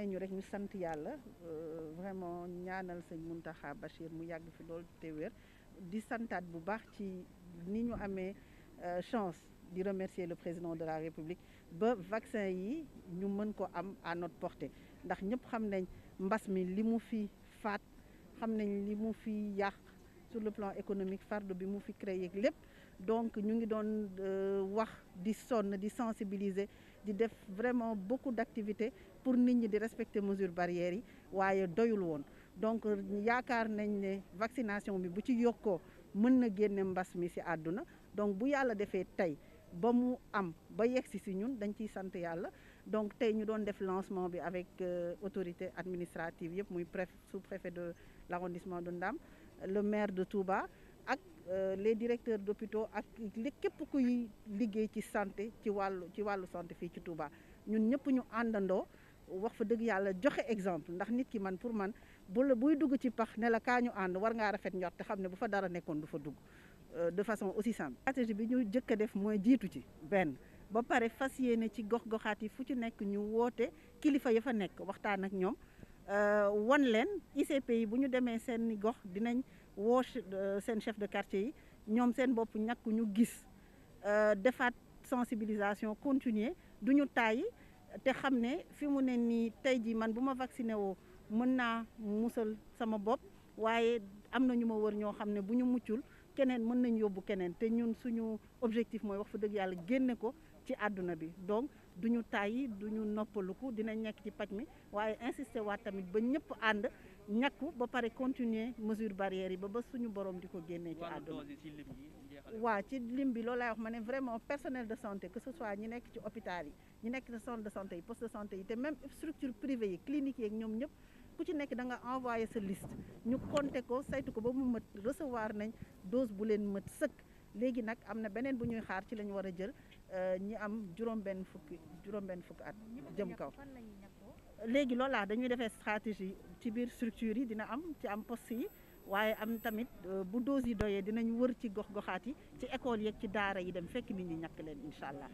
may ñu rek ñu sant yàlla euh, vraiment ñaanal sëñ Mountakha Bachir mu yàgg fi lool te wér di santaat bu baax ci ni ñu amee euh, chance di remercier le président de la République ba vaccin yi ñu mën ko am à notre portée ndax ñëpp xam nañ mbas mi li mu fi faat xam nañ li mu fi yàq sur le plan économique fardeau bi mu fi créé lépp donc ñu ngi doon euh, wax di sonn di sensibiliser di def vraiment beaucoup d'activités pour nit ñi di respecter mesures barrières yi waaye doyul woon donc yaakaar nañ ne vaccination bi bu ci yokkoo mën na génne mbas mi ci àdduna donc bu yàlla defee tey ba mu am ba yegsi si ñun dañ ciy sant yàlla donc tey ñu doon def lancement bi avec euh, autorité administrative yëpp muy préf sous-préfet de l'arrondissement de Ndam le maire de Touba ak euh, les directeurs d'hôpitaux ak képp kuy liggéey ci santé ci wàllu ci wàllu santé fii ci Touba ñun ñëpp ñu àndandoo wax fa dëgg yàlla joxe exemple ndax nit ki man pour man bu la buy dugg ci pax ne la kaa ñu ànd war ngaa rafet njort te xam ne bu fa dara nekkoon du fa dugg Euh, de façon aussi simple. stratégie bi ñu jëkk a def mooy jiitu ci benn ba pare fas yéene ci gox-goxaat yi fu ci nekk ñu woote kilifa yi fa nekk waxtaan ak ñoom euh, wan leen ICP yi bu ñu demee seen gox dinañ woo euh, seen chef de quartier yi ñoom seen bopp ñàkk ñu gis defaat sensibilisation continuer du ñu tàyyi te xam ne fi mu ne nii tey jii man bu ma vacciné woo mën naa musal sama bopp waaye am na ñu ma wër ñoo xam ne bu ñu muccul. keneen mën nañ yóbbu keneen te ñun suñu objectif mooy wax fa dëgg yàlla génne ko ci àdduna bi donc duñu tàyyi duñu noppaluku dina nekk ci paj mi waaye insister waat tamit ba ñëpp ànd ñàkku ba pare continuer mesure barrière yi ba ba suñu borom di ko génnee ci àdduna waaw ci lim bi loolu laay wax ma ne vraiment personnel de santé que ce soit ñi nekk ci hôpital yi ñi nekk ci centre de santé yi poste de santé yi te même structure privée yi cliniques yeeg ñoom ñëpp ku ci nekk da nga envoyé sa liste ñu compté ko saytu ko ba mu mët recevoir nañ dose bu leen mët sëkk léegi nag am na beneen bu ñuy xaar ci la ñu war a jël euh, ñi am juróom-benn fukki juróom-benn fukki jëm kaw léegi loolu laa dañuy defee stratégie ci biir structure yi dina am ci am poste yi waaye am tamit euh, bu dose yi doyee dinañ wër ci gox-goxaat yi ci école yeeg ci daara yi dem fekk nit ñi ñàkk leen incha allah.